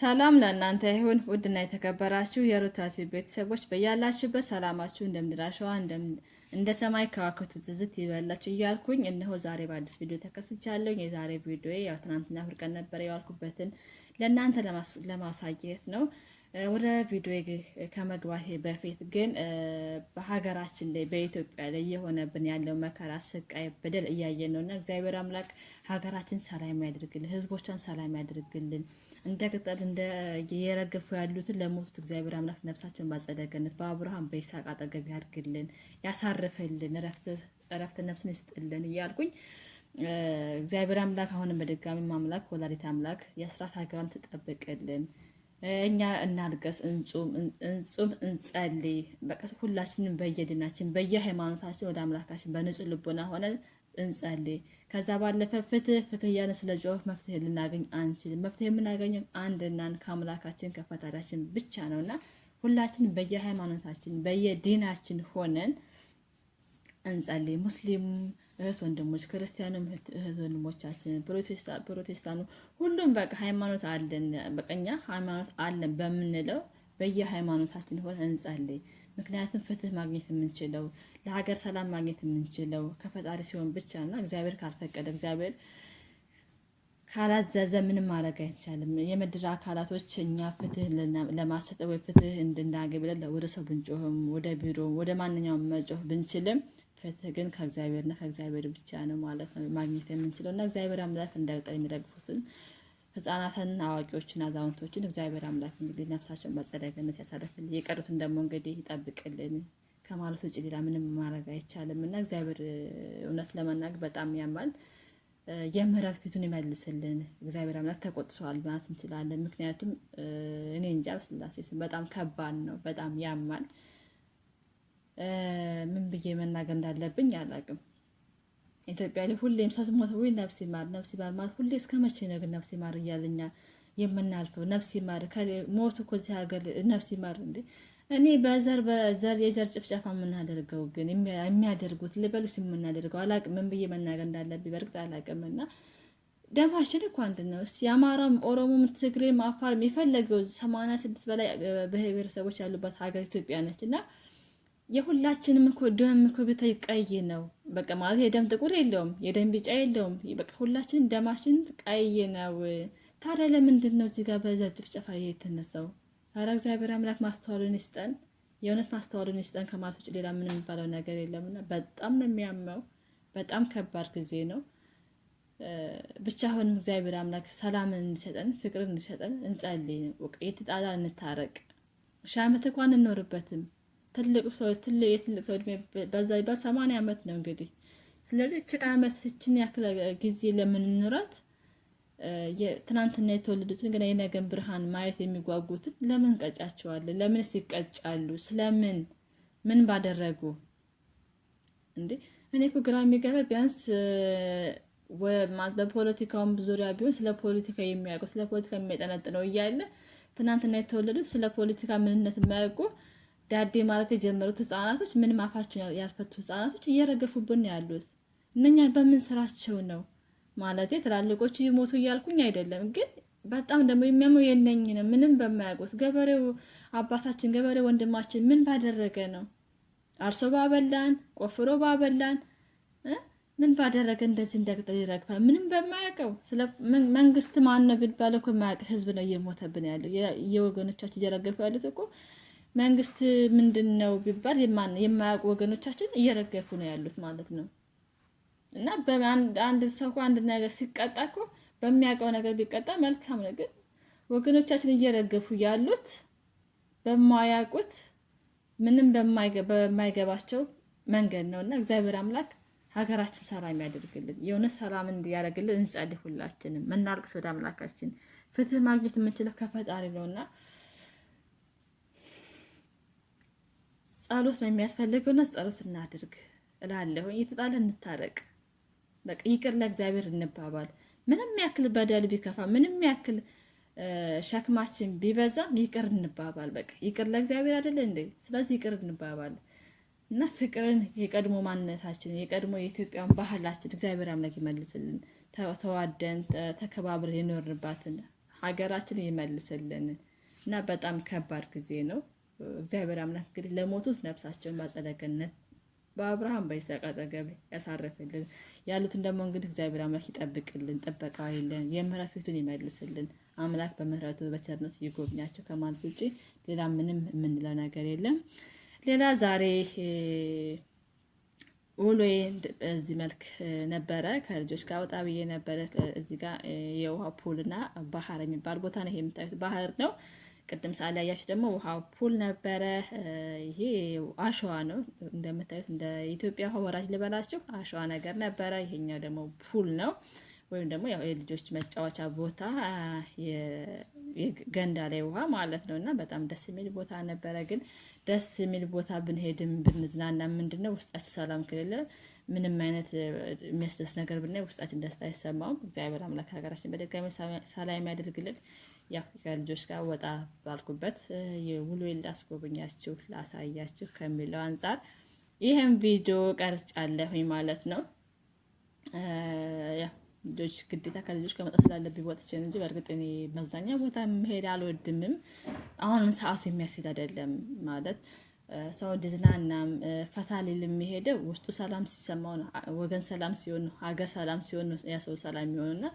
ሰላም ለእናንተ ይሁን ውድና የተከበራችሁ የሩታ ቤተሰቦች በያላችሁበት ሰላማችሁ እንደምድራሸዋ እንደ ሰማይ ከዋክብት ትዝት ይበላችሁ እያልኩኝ እነሆ ዛሬ በአዲስ ቪዲዮ ተከስቻለሁኝ። የዛሬ ቪዲዮ ያው ትናንትና ፍርቀን ነበር የዋልኩበትን ለእናንተ ለማሳየት ነው። ወደ ቪዲዮ ከመግባቴ በፊት ግን በሀገራችን ላይ በኢትዮጵያ ላይ የሆነብን ያለው መከራ፣ ስቃይ፣ በደል እያየን ነው እና እግዚአብሔር አምላክ ሀገራችን ሰላም ያድርግልን፣ ህዝቦቿን ሰላም ያድርግልን እንደ ቅጠል እንደ የረገፉ ያሉትን ለሞቱት እግዚአብሔር አምላክ ነፍሳቸውን ባጸደ ገነት በአብርሃም በይስሐቅ አጠገብ ያድርግልን፣ ያሳርፍልን፣ እረፍተ ነፍስን ይስጥልን እያልኩኝ እግዚአብሔር አምላክ አሁንም በድጋሚም አምላክ ወላዲት አምላክ የስራት ሀገሯን ትጠብቅልን። እኛ እናልቀስ፣ እንጹም፣ እንጸልይ። በቃ ሁላችንም በየድናችን በየሃይማኖታችን ወደ አምላካችን በንጹህ ልቦና ሆነን እንጸልይ። ከዛ ባለፈ ፍትህ ፍትህ እያለ ስለ ጮፍ መፍትሄ ልናገኝ አንችልም። መፍትሄ የምናገኘው አንድና ከአምላካችን ከፈጣሪያችን ብቻ ነውና ሁላችን በየሃይማኖታችን በየዲናችን ሆነን እንጸልይ። ሙስሊሙ እህት ወንድሞች፣ ክርስቲያኑ እህት ወንድሞቻችን፣ ፕሮቴስታኑ ሁሉም በቃ ሃይማኖት አለን በቀኛ ሃይማኖት አለን በምንለው በየሃይማኖታችን ሆነን እንጸልይ። ምክንያቱም ፍትህ ማግኘት የምንችለው ለሀገር ሰላም ማግኘት የምንችለው ከፈጣሪ ሲሆን ብቻ እና እግዚአብሔር ካልፈቀደ እግዚአብሔር ካላዘዘ ምንም ማድረግ አይቻልም። የምድር አካላቶች እኛ ፍትህ ለማሰጠ ወይ ፍትህ እንድናገኝ ብለን ወደ ሰው ብንጮህም ወደ ቢሮ ወደ ማንኛውም መጮህ ብንችልም ፍትህ ግን ከእግዚአብሔርና ከእግዚአብሔር ብቻ ነው ማለት ነው ማግኘት የምንችለው እና እግዚአብሔር አምላክ እንዳቅጠር የሚደግፉትን ህጻናትን፣ አዋቂዎችን፣ አዛውንቶችን እግዚአብሔር አምላክ እንግዲህ ነፍሳቸውን በአጸደ ገነት ያሳርፍልን፣ የቀሩትን ደግሞ እንግዲህ ይጠብቅልን ከማለት ውጭ ሌላ ምንም ማድረግ አይቻልም እና እግዚአብሔር እውነት ለመናገር በጣም ያማል። የምህረት ፊቱን ይመልስልን። እግዚአብሔር አምላክ ተቆጥቷል ማለት እንችላለን። ምክንያቱም እኔ እንጃ በስላሴ ስም በጣም ከባድ ነው፣ በጣም ያማል። ምን ብዬ መናገር እንዳለብኝ አላቅም። ኢትዮጵያ ላይ ሁሌም ሰው ሞት ወይ ነፍስ ይማር ነፍስ ይማር ማለት ሁሌ እስከ መቼ ነው ግን ነፍስ ይማር እያለኛ የምናልፈው? ነፍስ ይማር ሞቱ እኮ እዚህ ሀገር ነፍስ ይማር እንዴ! እኔ በዘር በዘር የዘር ጭፍጨፋ የምናደርገው ግን የሚያደርጉት ልበሉስ የምናደርገው አላቅም። ምን ብዬ መናገር እንዳለብኝ በእርግጥ አላቅም። እና ደማችን እኮ አንድ ነው። ስ የአማራም፣ ኦሮሞም፣ ትግሬም፣ አፋርም የፈለገው ሰማንያ ስድስት በላይ ብሔር ብሔረሰቦች ያሉባት ሀገር ኢትዮጵያ ነች እና የሁላችንም እኮ ደም እኮ ቢታይ ቀይ ነው። በቃ ማለት የደም ጥቁር የለውም፣ የደም ቢጫ የለውም። በቃ ሁላችን ደማችን ቀይ ነው። ታዲያ ለምንድን ነው እዚህ ጋር በዛ ጭፍጨፋ የተነሳው? ኧረ እግዚአብሔር አምላክ ማስተዋሉን ይስጠን፣ የእውነት ማስተዋሉን ይስጠን ከማለት ውጭ ሌላ ምን የሚባለው ነገር የለምና በጣም ነው የሚያመው። በጣም ከባድ ጊዜ ነው። ብቻ አሁንም እግዚአብሔር አምላክ ሰላምን እንዲሰጠን ፍቅርን እንዲሰጠን እንጸልይ። የተጣላ እንታረቅ፣ ሺህ ዓመት እንኳን እንኖርበትም ትልቅ ሰው ትልቅ የትልቅ ሰው እድሜ በዛ በሰማንያ ዓመት ነው እንግዲህ። ስለዚህ እችን ዓመት እችን ያክል ጊዜ ለምንኖራት ትናንትና የተወለዱትን ገና የነገን ብርሃን ማየት የሚጓጉትን ለምን እንቀጫቸዋለን? ለምንስ ይቀጫሉ? ስለምን ምን ባደረጉ እንዴ? እኔ እኮ ግራ የሚገባ ቢያንስ በፖለቲካውም ዙሪያ ቢሆን ስለ ፖለቲካ የሚያውቀው ስለ ፖለቲካ የሚያጠነጥነው እያለ ትናንትና የተወለዱት ስለ ፖለቲካ ምንነት የማያውቁ ዳዴ ማለት የጀመሩት ህጻናቶች ምንም አፋቸውን ያልፈቱ ህጻናቶች እየረገፉብን ያሉት። እነኛ በምን ስራቸው ነው ማለት ትላልቆቹ ይሞቱ እያልኩኝ አይደለም፣ ግን በጣም ደግሞ የሚያመው የነኝ ነው። ምንም በማያውቁት ገበሬው አባታችን ገበሬ ወንድማችን ምን ባደረገ ነው? አርሶ ባበላን፣ ቆፍሮ ባበላን፣ ምን ባደረገ እንደዚህ እንደቅጠል ይረግፋል? ምንም በማያውቀው ስለ መንግስት ማን ነው ቢባል እኮ የማያውቅ ህዝብ ነው እየሞተብን ያለው። የወገኖቻችን እየረገፉ ያሉት እኮ መንግስት ምንድን ነው ቢባል የማያውቁ ወገኖቻችን እየረገፉ ነው ያሉት ማለት ነው። እና አንድ ሰው አንድ ነገር ሲቀጣ እኮ በሚያውቀው ነገር ቢቀጣ መልካም ነው። ግን ወገኖቻችን እየረገፉ ያሉት በማያውቁት ምንም በማይገባቸው መንገድ ነው እና እግዚአብሔር አምላክ ሀገራችን ሰላም ያደርግልን፣ የሆነ ሰላም እንዲያደርግልን እንጸልይ። ሁላችንም እናልቅስ ወደ አምላካችን። ፍትህ ማግኘት የምንችለው ከፈጣሪ እና። ጸሎት ነው የሚያስፈልገው እና ጸሎት እናድርግ እላለሁ። እየተጣለ እንታረቅ፣ በቃ ይቅር ለእግዚአብሔር እንባባል። ምንም ያክል በደል ቢከፋ፣ ምንም ያክል ሸክማችን ቢበዛም ይቅር እንባባል። በቃ ይቅር ለእግዚአብሔር አይደለ እንዴ? ስለዚህ ይቅር እንባባል እና ፍቅርን የቀድሞ ማንነታችንን የቀድሞ የኢትዮጵያን ባህላችን እግዚአብሔር አምላክ ይመልስልን። ተዋደን ተከባብረን የኖርንባትን ሀገራችን ይመልስልን እና በጣም ከባድ ጊዜ ነው። እግዚአብሔር አምላክ እንግዲህ ለሞቱት ነፍሳቸውን በአጸደ ገነት በአብርሃም በይስሐቅ አጠገብ ያሳረፍልን፣ ያሉትን ደግሞ እንግዲህ እግዚአብሔር አምላክ ይጠብቅልን፣ ጥበቃ የለን፣ የምህረት ፊቱን ይመልስልን። አምላክ በምረቱ በቸርነቱ ይጎብኛቸው። ከማለት ውጭ ሌላ ምንም የምንለው ነገር የለም። ሌላ ዛሬ ውሎዬ በዚህ መልክ ነበረ። ከልጆች ጋር ወጣ ብዬ ነበረ። እዚህ ጋር የውሃ ፖልና ባህር የሚባል ቦታ ነው። ይሄ የምታዩት ባህር ነው። ቅድም ሳላያችሁ ደግሞ ውሃ ፑል ነበረ። ይሄ አሸዋ ነው እንደምታዩት፣ እንደ ኢትዮጵያ ውሃ ወራጅ ልበላችሁ አሸዋ ነገር ነበረ። ይሄኛው ደግሞ ፑል ነው ወይም ደግሞ ያው የልጆች መጫወቻ ቦታ የገንዳ ላይ ውሃ ማለት ነው። እና በጣም ደስ የሚል ቦታ ነበረ። ግን ደስ የሚል ቦታ ብንሄድም ብንዝናና ምንድን ነው ውስጣችን ሰላም ክልል ምንም አይነት የሚያስደስት ነገር ብናይ ውስጣችን ደስታ አይሰማውም። እግዚአብሔር አምላክ ሀገራችን በድጋሚ ሰላም ያደርግልን። የአፍሪካ ከልጆች ጋር ወጣ ባልኩበት ውሎዬን ላስጎብኛችሁ ላሳያችሁ ከሚለው አንጻር ይህም ቪዲዮ ቀርጫለሁኝ ማለት ነው። ልጆች ግዴታ ከልጆች ከመጣ ስላለብኝ ወጥቼን እንጂ በእርግጥ እኔ መዝናኛ ቦታ መሄድ አልወድምም። አሁንም ሰዓቱ የሚያስሄድ አይደለም ማለት ሰው እንዲዝናናም ፈታ ሊል የሚሄደው ውስጡ ሰላም ሲሰማው ነው። ወገን ሰላም ሲሆን ነው። ሀገር ሰላም ሲሆን ነው ያ ሰው ሰላም የሚሆኑና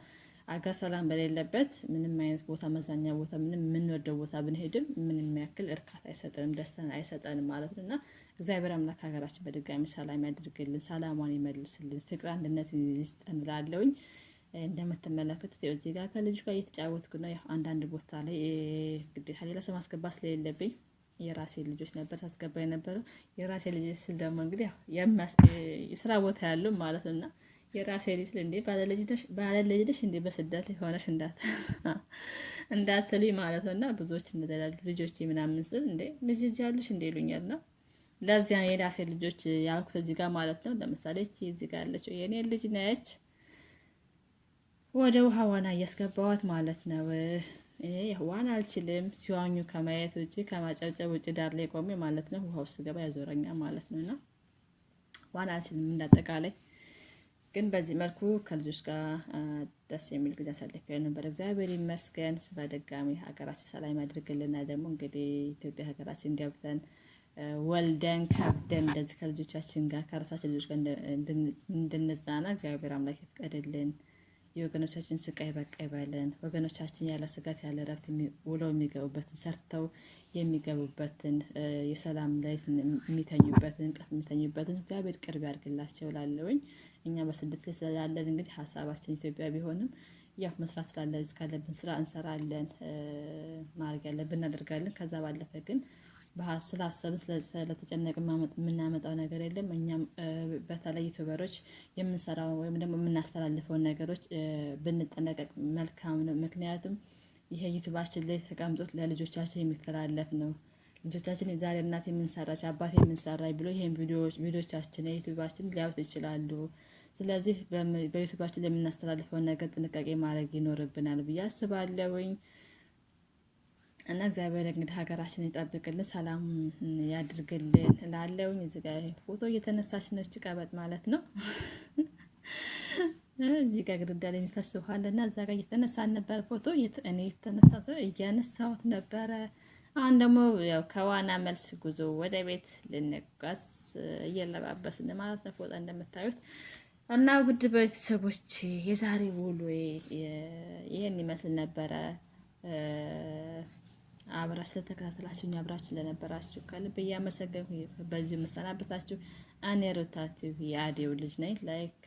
አጋ ሰላም በሌለበት ምንም አይነት ቦታ መዛኛ ቦታ ምንም የምንወደው ቦታ ብንሄድም ምንም ያክል እርካታ አይሰጠንም፣ ደስተን አይሰጠንም ማለት ነው እና እግዚአብሔር አምላክ ሀገራችን በድጋሚ ሰላም ያድርግልን፣ ሰላሟን ይመልስልን፣ ፍቅር አንድነት ይስጠን እላለሁኝ። እንደምትመለከቱት እዚህ ጋር ከልጅ ጋር እየተጫወትኩ ነው። ያው አንዳንድ ቦታ ላይ ግዴታ ሌላ ሰው ማስገባት ስለሌለብኝ የራሴ ልጆች ነበር ሳስገባ የነበረው። የራሴ ልጆች ስል ደግሞ እንግዲህ ስራ ቦታ ያለው ማለት ነው እና የራሴ ልጅ እንዴ ባለልጅሽ እንዴ በስደት ላይ ሆነሽ እንዳት እንዳትሉኝ ማለት ነው። እና ብዙዎች እንደላሉ ልጆች ምናምን ስል እንዴ ልጅ እዚህ ያሉሽ እንዴ ይሉኛል። ነው ለዚያ የራሴ ልጆች ያልኩት እዚህ ጋር ማለት ነው። ለምሳሌ እቺ እዚህ ጋር ያለችው የእኔ ልጅ ነች። ወደ ውሃ ዋና እያስገባዋት ማለት ነው። እኔ ዋና አልችልም። ሲዋኙ ከማየት ውጭ ከማጨብጨብ ውጭ ዳር ላይ ቆሜ ማለት ነው። ውሃ ውስጥ ገባ ያዞረኛ ማለት ነው። እና ዋና አልችልም እንዳጠቃላይ ግን በዚህ መልኩ ከልጆች ጋር ደስ የሚል ጊዜ አሳልፌ ነበር። እግዚአብሔር ይመስገን። ስለ ደጋሚ ሀገራችን ሰላም ያድርግልና ደግሞ እንግዲህ ኢትዮጵያ ሀገራችን እንዲያብተን ወልደን ከብደን እንደዚህ ከልጆቻችን ጋር ከራሳችን ልጆች ጋር እንድንዝናና እግዚአብሔር አምላክ ይፍቀድልን። የወገኖቻችን ስቃይ በቃ ይበለን። ወገኖቻችን ያለ ስጋት ያለ እረፍት ውለው የሚገቡበትን ሰርተው የሚገቡበትን የሰላም ላይ የሚተኙበትን እንቅልፍ የሚተኙበትን እግዚአብሔር ቅርብ ያድርግላቸው ላለውኝ እኛ በስደት ላይ ስላለን እንግዲህ ሀሳባችን ኢትዮጵያ ቢሆንም ያው መስራት ስላለን ካለብን ስራ እንሰራለን፣ ማድረግ ያለብን እናደርጋለን። ከዛ ባለፈ ግን ስላሰብን ስለተጨነቅ የምናመጣው ነገር የለም። እኛም በተለይ ዩቱበሮች የምንሰራው ወይም ደግሞ የምናስተላልፈውን ነገሮች ብንጠነቀቅ መልካም ነው። ምክንያቱም ይሄ ዩቱባችን ላይ ተቀምጦት ለልጆቻችን የሚተላለፍ ነው። ልጆቻችን የዛሬ እናት የምንሰራች አባት የምንሰራች ብሎ ይህን ቪዲዮቻችን የዩቱባችን ሊያዩት ይችላሉ። ስለዚህ በዩቱባችን የምናስተላልፈውን ነገር ጥንቃቄ ማድረግ ይኖርብናል ብዬ አስባለሁኝ እና እግዚአብሔር እንግዲህ ሀገራችን ይጠብቅልን፣ ሰላም ያድርግልን እላለሁኝ። እዚህ ፎቶ እየተነሳች ነው ጭቀበጥ ማለት ነው። እዚህ ጋር ግድግዳ ላይ የሚፈስ ውሃ እዛ ጋር እየተነሳን ነበር ፎቶ እኔ የተነሳት እያነሳሁት ነበረ። አሁን ደግሞ ያው ከዋና መልስ ጉዞ ወደ ቤት ልንጓዝ እየለባበስን ማለት ነው ፎጣ እንደምታዩት እና ውድ ቤተሰቦች የዛሬ ውሎ ይህን ይመስል ነበረ። አብራችሁ ስለተከታተላችሁኝ አብራችሁ እንደነበራችሁ ከልብ እያመሰገንኩ በዚሁ መሰናበታችሁ። እኔ ሩታ ቲቪ የአዴው ልጅ ነኝ። ላይክ፣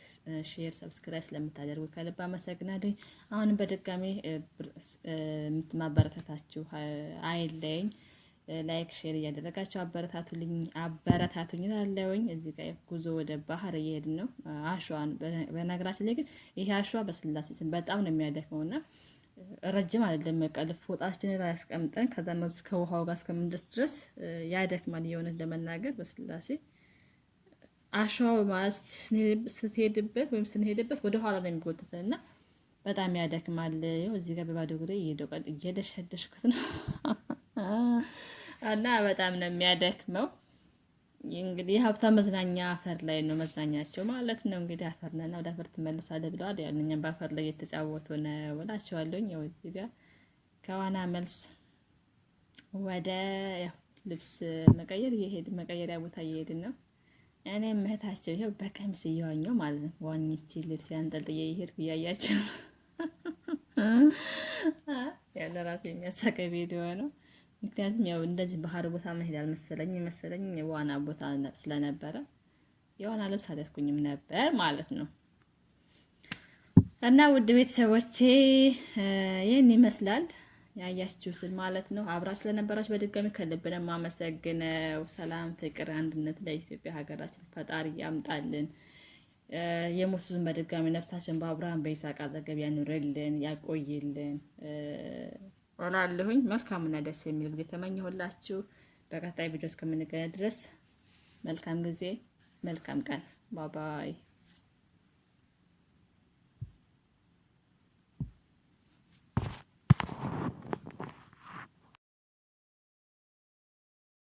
ሼር፣ ሰብስክራይብ ስለምታደርጉ ከልብ አመሰግናለሁ። አሁንም በድጋሚ ማበረታታችሁ አይለኝ። ላይክ ሼር እያደረጋችሁ አበረታቱልኝ አበረታቱኝ እላለሁኝ። እዚህ ጋር ጉዞ ወደ ባህር እየሄድን ነው። አሸዋን በነገራችን ላይ ግን ይሄ አሸዋ በስላሴ ስም በጣም ነው የሚያደክመውና ረጅም አይደለም። በቃ ፎጣችን ላይ ያስቀምጠን ከዛ መዝ ከውሃው ጋር እስከምንደርስ ድረስ ያደክማል። የእውነት ለመናገር በስላሴ አሸዋው ማለት ስትሄድበት ወይም ስንሄድበት ወደ ኋላ ነው የሚጎተተን እና በጣም ያደክማል። ይኸው እዚህ ጋር በባዶ እግሬ እየደሸደሽኩት ነው እና በጣም ነው የሚያደክመው። እንግዲህ ሀብታም መዝናኛ አፈር ላይ ነው መዝናኛቸው ማለት ነው። እንግዲህ አፈር ነና ወደ አፈር ትመለሳለህ ብለዋል። ያው እኛም በአፈር ላይ እየተጫወቱ ነው እላቸዋለሁኝ። ያው እዚህ ጋር ከዋና መልስ ወደ ያው ልብስ መቀየር እየሄድ መቀየሪያ ቦታ እየሄድን ነው። እኔም እህታቸው ይኸው በቀሚስ እየዋኘው ማለት ነው። ዋኝቺ ልብስ ያንጠልጥዬ እየሄድኩ እያያቸው ያለ ራሱ የሚያሳቀ ቪዲዮ ነው። ምክንያቱም ያው እንደዚህ ባህር ቦታ መሄድ አልመሰለኝ መሰለኝ ዋና ቦታ ስለነበረ የዋና ልብስ አልያዝኩኝም ነበር ማለት ነው። እና ውድ ቤተሰቦቼ ይህን ይመስላል ያያችሁትን ማለት ነው። አብራ ስለነበራችሁ በድጋሚ ከልብ ነው የማመሰግነው። ሰላም፣ ፍቅር፣ አንድነት ለኢትዮጵያ ሀገራችን ፈጣሪ ያምጣልን። የሞቱትን በድጋሚ ነፍሳችን በአብርሃም በይስሐቅ አጠገብ ያኑርልን፣ ያቆይልን። እላለሁኝ። መልካምና ደስ የሚል ጊዜ ተመኘሁላችሁ። በቀጣይ ቪዲዮ እስከምንገናኝ ድረስ መልካም ጊዜ፣ መልካም ቀን። ባባይ